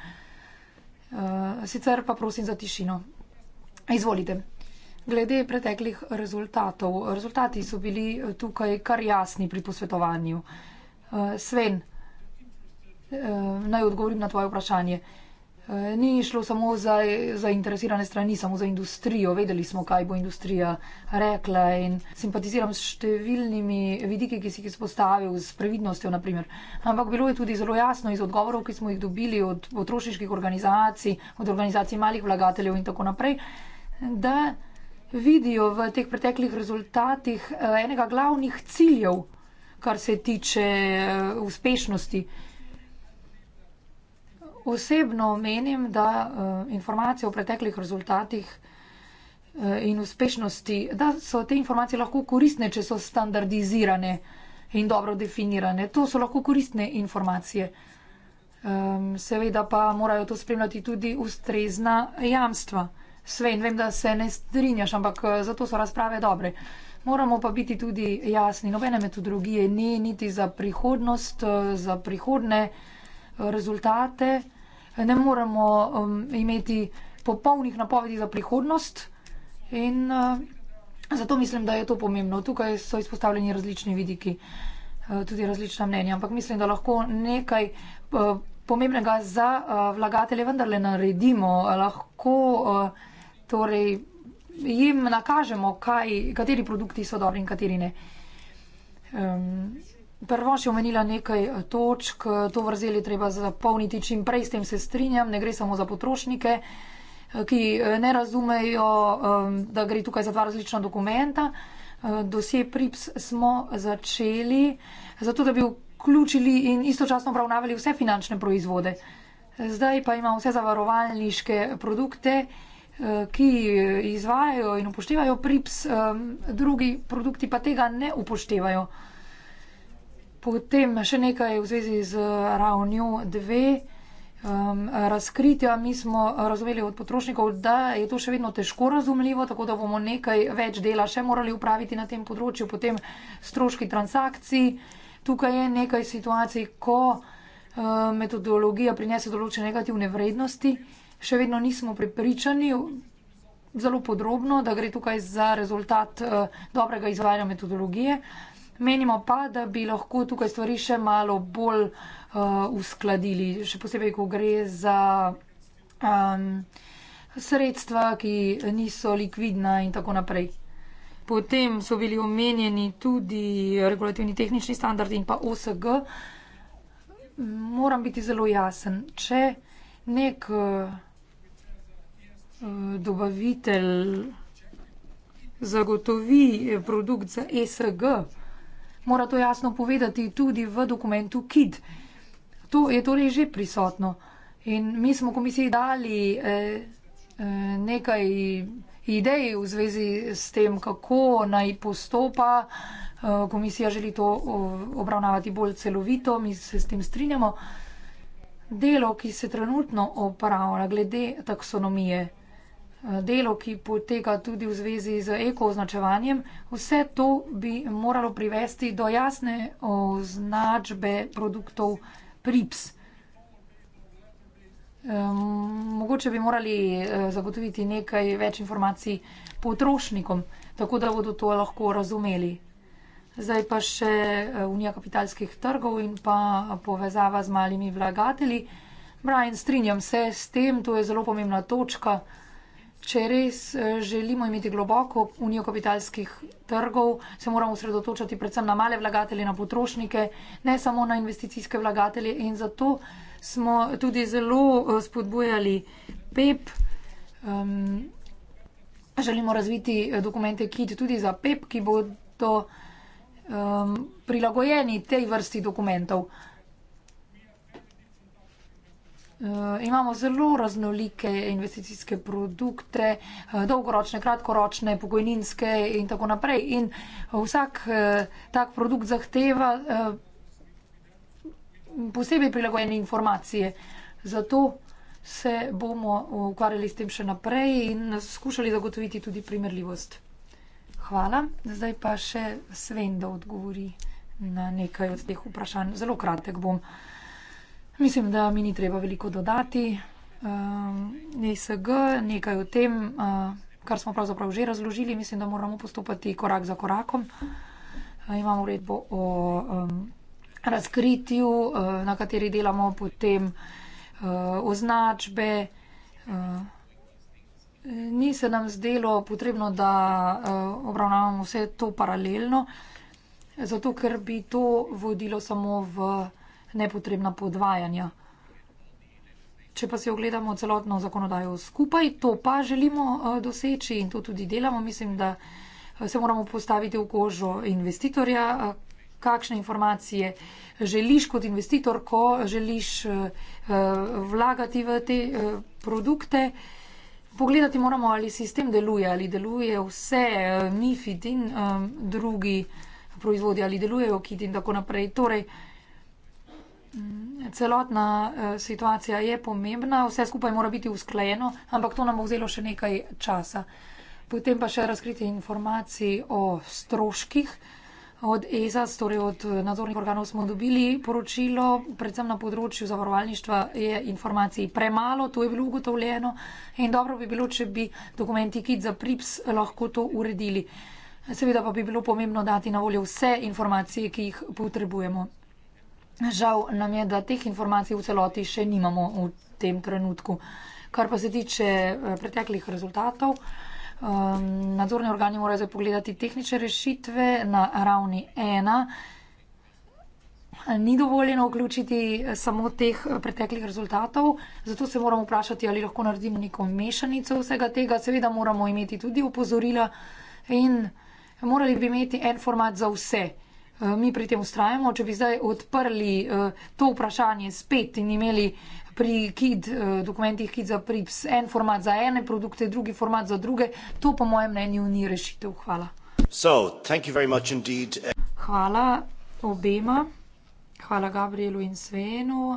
Uh, sicer pa prosim za tišino. Izvolite. Glede preteklih rezultatov. Rezultati so bili eh, tukaj kar jasni pri posvetovanju. Uh, Sven, uh, naj odgovorim na tvoje vprašanje. Uh, E, ni šlo samo za zainteresirane strani, samo za industrijo. Vedeli smo, kaj bo industrija rekla in simpatiziram s številnimi vidiki, ki si jih izpostavil, s previdnostjo naprimer. Ampak bilo je tudi zelo jasno iz odgovorov, ki smo jih dobili od potrošniških organizacij, od organizacij malih vlagateljev in tako naprej, da vidijo v teh preteklih rezultatih e, enega glavnih ciljev, kar se tiče e, uspešnosti osebno menim, da uh, informacije o preteklih rezultatih uh, in uspešnosti, da so te informacije lahko koristne, če so standardizirane in dobro definirane. To so lahko koristne informacije. Um, seveda pa morajo to spremljati tudi ustrezna jamstva. Sven, vem, da se ne strinjaš, ampak eh, zato so razprave dobre. Moramo pa biti tudi jasni, nobene metodologije ni niti za prihodnost, za prihodne rezultate, ne moremo um, imeti popolnih napovedi za prihodnost in uh, zato mislim, da je to pomembno. Tukaj so izpostavljeni različni vidiki, uh, tudi različna mnenja, ampak mislim, da lahko nekaj uh, pomembnega za uh, vlagatelje vendarle naredimo, lahko uh, torej jim nakažemo, kaj, kateri produkti so dobri in kateri ne. Um, Prvo še omenila nekaj eh, točk, eh, to vrzeli treba zapolniti čim prej, s tem se strinjam, ne gre samo za potrošnike, eh, ki ne razumejo, ehm, da gre tukaj za dva različna dokumenta. Dosje PRIPS smo začeli, zato da bi vključili in istočasno obravnavali vse finančne proizvode. Zdaj pa imamo vse zavarovalniške produkte, ki izvajajo in upoštevajo PRIPS, ehm, drugi produkti pa tega ne upoštevajo. Potem še nekaj v zvezi z ravnjo 2 um, razkritja. Mi smo razumeli od potrošnikov, da je to še vedno težko razumljivo, tako da bomo nekaj več dela še morali upraviti na tem področju. Potem stroški transakcij. Tukaj je nekaj situacij, ko uh, metodologija prinese določene negativne vrednosti. Še vedno nismo prepričani zelo podrobno, da gre tukaj za rezultat uh, dobrega izvajanja metodologije. Menimo pa, da bi lahko tukaj stvari še malo bolj uh, uskladili, še posebej, ko gre za um, sredstva, ki niso likvidna in tako naprej. Potem so bili omenjeni tudi regulativni tehnični standardi in pa OSG. Moram biti zelo jasen. Če nek uh, dobavitelj zagotovi produkt za e SG, uh, mora to jasno povedati tudi v dokumentu KID. To je torej že prisotno. In mi smo komisiji dali eh, eh, nekaj idej v zvezi s tem, kako naj postopa. Eh, komisija želi to obravnavati bolj celovito, mi se s tem strinjamo. Delo, ki se trenutno opravlja glede taksonomije, Eh, delo, ki poteka tudi v zvezi z ekooznačevanjem, vse to bi moralo privesti do jasne označbe produktov PRIPS. Mogoče bi morali eh, zagotoviti nekaj več informacij potrošnikom, tako da bodo to lahko razumeli. Zdaj pa še eh, Unija kapitalskih trgov in pa povezava z malimi vlagatelji. Brian, strinjam se s tem, to je zelo pomembna točka. Če res eh, želimo imeti globoko unijo kapitalskih trgov, se moramo osredotočati predvsem na male vlagatelje, na potrošnike, ne samo na investicijske vlagatelje in zato smo tudi zelo eh, spodbujali PEP. Um, želimo razviti eh, dokumente KIT tudi za PEP, ki bodo um, prilagojeni tej vrsti dokumentov. Eh, imamo zelo raznolike investicijske produkte, eh, dolgoročne, kratkoročne, pokojninske in tako naprej. In vsak eh, tak produkt zahteva posebej prilagojene informacije. Zato se bomo ukvarjali s tem še naprej in skušali zagotoviti tudi primerljivost. Hvala. Zdaj pa še Sven, da odgovori na nekaj od teh vprašanj. Zelo kratek bom. Uh, Mislim, da mi ni treba veliko dodati. Um, ehm, NSG, e nekaj o tem, uh, kar smo pravzaprav že razložili, mislim, da moramo postopati korak za korakom. Uh, imamo uredbo o um, razkritju, uh, na kateri delamo potem uh, označbe. Uh, ni se nam zdelo potrebno, da uh, obravnavamo vse to paralelno, zato ker bi to vodilo samo v nepotrebna podvajanja. Če pa si ogledamo celotno zakonodajo skupaj, to pa želimo eh, doseči in to tudi delamo. Mislim, da eh, se moramo postaviti v kožo investitorja, eh, kakšne informacije želiš kot investitor, ko želiš vlagati v te produkte. Pogledati moramo, ali sistem deluje, ali deluje vse MIFID in drugi proizvodi, ali delujejo KIT in tako naprej. Torej, Mm, celotna uh, situacija je pomembna, vse skupaj mora biti usklajeno, ampak to nam bo vzelo še nekaj časa. Potem pa še razkriti informacij o stroških. Od ESAS, torej od eh, nadzornih organov, smo dobili poročilo, predvsem na področju zavarovalništva je informacij premalo, to je bilo ugotovljeno in dobro bi bilo, če bi dokumenti KIT za PRIPS lahko to uredili. Seveda pa bi bilo pomembno dati na voljo vse informacije, ki jih potrebujemo. Žal nam je, da teh informacij v celoti še nimamo v tem trenutku. Kar pa se tiče eh, preteklih rezultatov, um, nadzorni organi morajo zdaj pogledati tehnične rešitve na ravni ena. Ni dovoljeno vključiti eh, samo teh eh, preteklih rezultatov, zato se moramo vprašati, ali lahko naredimo neko mešanico vsega tega. Seveda moramo imeti tudi upozorila in morali bi imeti en format za vse. Eh, mi pri tem ustrajamo. Če bi zdaj odprli eh, to vprašanje spet in imeli pri KID, eh, dokumentih KID za PRIPS, en format za ene produkte, drugi format za druge, to po mojem mnenju ni rešitev. Hvala. So, Hvala obema. Hvala Gabrielu in Svenu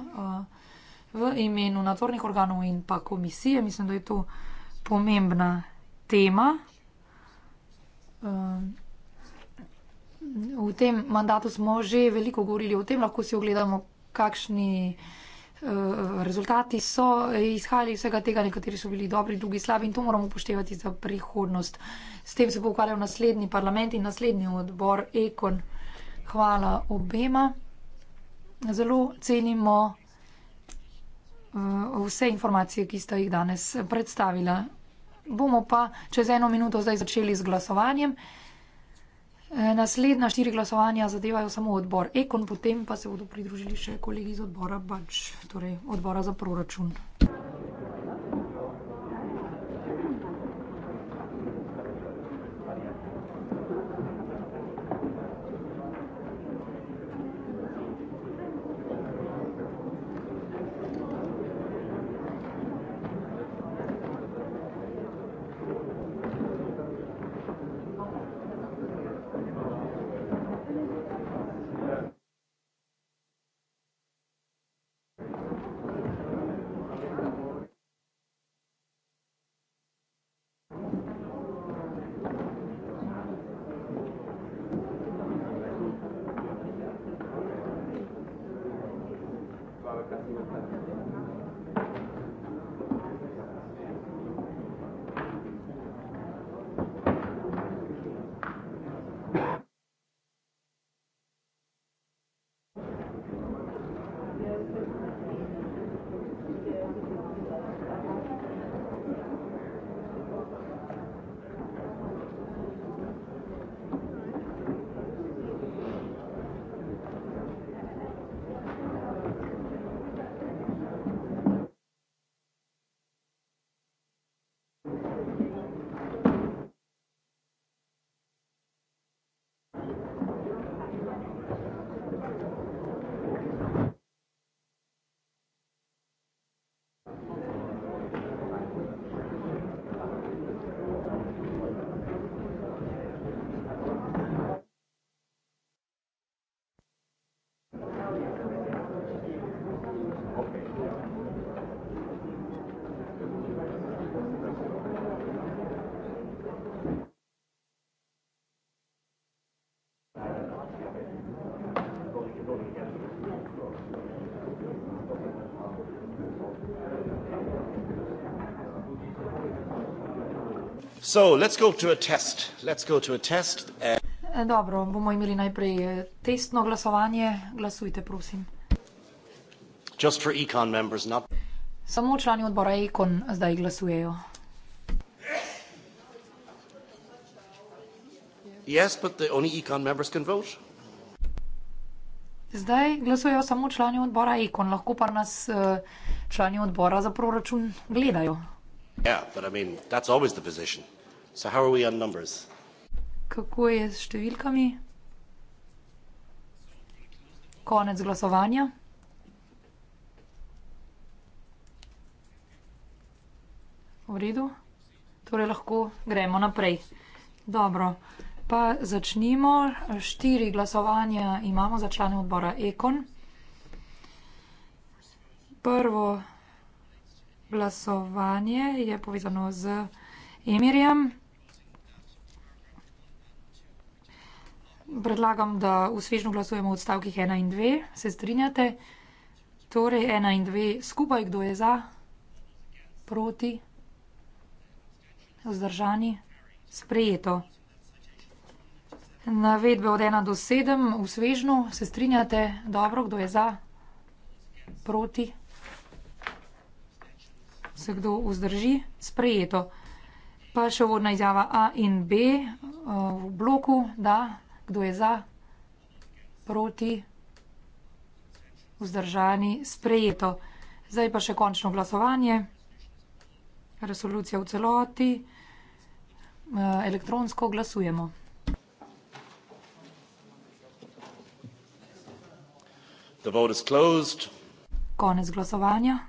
v imenu nadzornih organov in pa komisije. Mislim, da je to pomembna tema. Uh, V tem mandatu smo že veliko govorili o tem, lahko si ogledamo, kakšni eh, rezultati so izhajali iz vsega tega, nekateri so bili dobri, drugi slabi in to moramo upoštevati za prihodnost. S tem se bo ukvarjal naslednji parlament in naslednji odbor Ekon. Hvala obema. Zelo cenimo eh, vse informacije, ki ste jih danes predstavila. Bomo pa čez eno minuto zdaj začeli z glasovanjem. Eh, naslednja štiri glasovanja zadevajo samo odbor Ekon, potem pa se bodo pridružili še kolegi iz odbora Bač, torej odbora za proračun. So let's go to a test. Let's go to a test. Eh, dobro, bomo imeli najprej eh, testno glasovanje. Glasujte, prosim. Just for econ members, not... Samo člani odbora Econ zdaj glasujejo. Yes, but the only econ members can vote. Zdaj glasujejo samo člani odbora Econ. Lahko pa nas eh, člani odbora za proračun gledajo. Yeah, but I mean, that's always the position. So how are we on numbers? Kako je s številkami? Konec glasovanja. V redu. Torej lahko gremo naprej. Dobro. Pa začnimo. Štiri glasovanja imamo za člane odbora Ekon. Prvo glasovanje je povezano z Emirjem. Predlagam, da v svežnju glasujemo v stavkih 1 in 2, se strinjate. Torej 1 in 2 skupaj, kdo je za, proti, vzdržani, sprejeto. Navedbe od 1 do 7 v svežnju, se strinjate, dobro, kdo je za, proti, se kdo vzdrži, sprejeto. Pa še vodna izjava A in B eh, v bloku, da, Kdo je za? Proti? Vzdržani? Sprejeto. Zdaj pa še končno glasovanje. Resolucija v celoti. Eh, elektronsko glasujemo. The vote is closed. Konec glasovanja.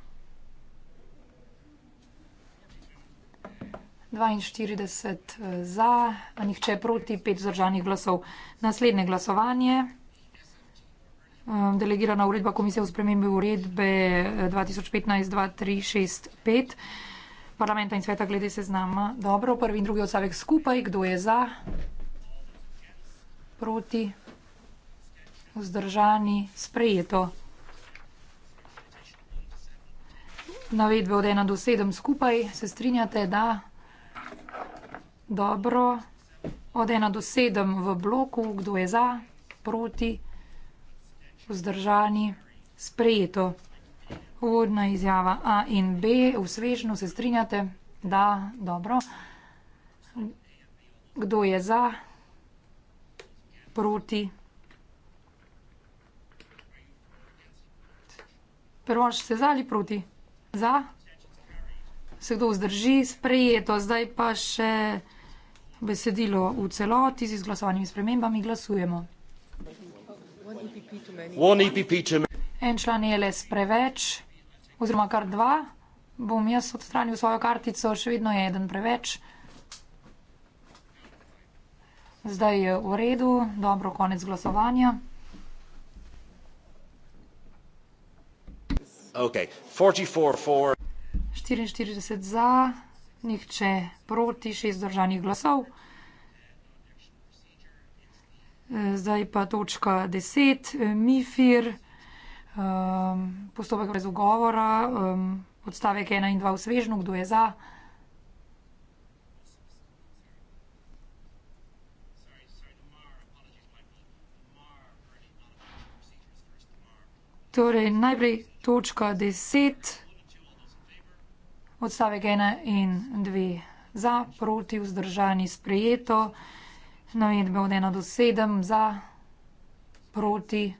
42 eh, za, nihče proti, 5 zdržanih glasov. Naslednje glasovanje. Eh, delegirana uredba Komisije o spremembi uredbe 2015-2365 eh, parlamenta in sveta glede seznama. Dobro, prvi in drugi odstavek skupaj. Kdo je za? Proti? Vzdržani? Sprejeto. Navedbe od 1 do 7 skupaj. Se strinjate, da? Dobro. Od ena do sedem v bloku, kdo je za, proti, vzdržani, sprejeto. Uvodna izjava A in B, v svežnu se strinjate, da, dobro. Kdo je za, proti. Prvoč se za ali proti? Za. Se kdo vzdrži, sprejeto. Zdaj pa še vzdrži besedilo v celoti z izglasovanimi spremembami glasujemo. E en član je les preveč, oziroma kar dva. Bom jaz odstranil svojo kartico, še vedno je eden preveč. Zdaj je v redu, dobro, konec glasovanja. Okay. 44 za nihče proti, šest zdržanih glasov. E, zdaj pa točka deset, e, MIFIR, e, postopek brez ugovora, odstavek ena in dva v svežnju, kdo je za? Torej najprej točka deset odstavek ena in dve za, proti, vzdržani, sprejeto, navedbe od ena do sedem za, proti,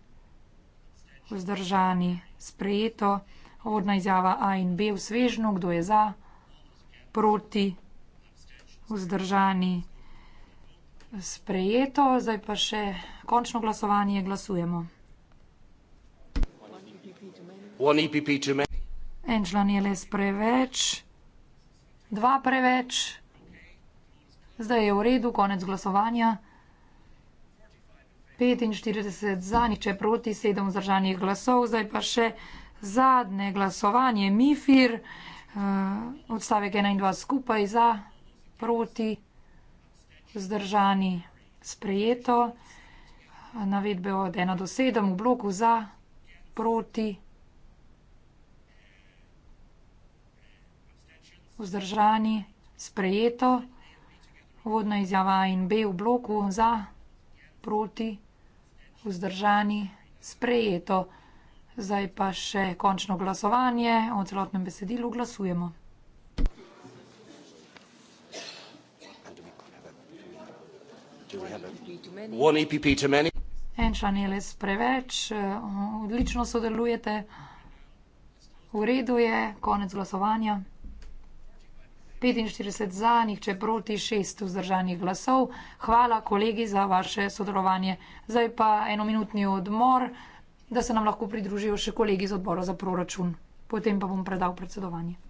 vzdržani, sprejeto, vodna izjava A in B v svežnu, kdo je za, proti, vzdržani, sprejeto, zdaj pa še končno glasovanje, glasujemo. One EPP to many. En član je les preveč, dva preveč. Zdaj je v redu, konec glasovanja. 45 za, niče proti, 7 zdržanih glasov. Zdaj pa še zadnje glasovanje, MIFIR, eh, odstavek 1 in 2 skupaj za, proti, zdržani, sprejeto. Navedbe od 1 do 7 v bloku za, proti, zdržani. vzdržani, sprejeto. Vodna izjava A in B v bloku za, proti, vzdržani, sprejeto. Zdaj pa še končno glasovanje. O celotnem besedilu glasujemo. E en član e LS preveč, odlično sodelujete, v redu je, konec glasovanja. 45 za, nihče proti, 6 vzdržanih glasov. Hvala kolegi za vaše sodelovanje. Zdaj pa enominutni odmor, da se nam lahko pridružijo še kolegi iz odbora za proračun. Potem pa bom predal predsedovanje.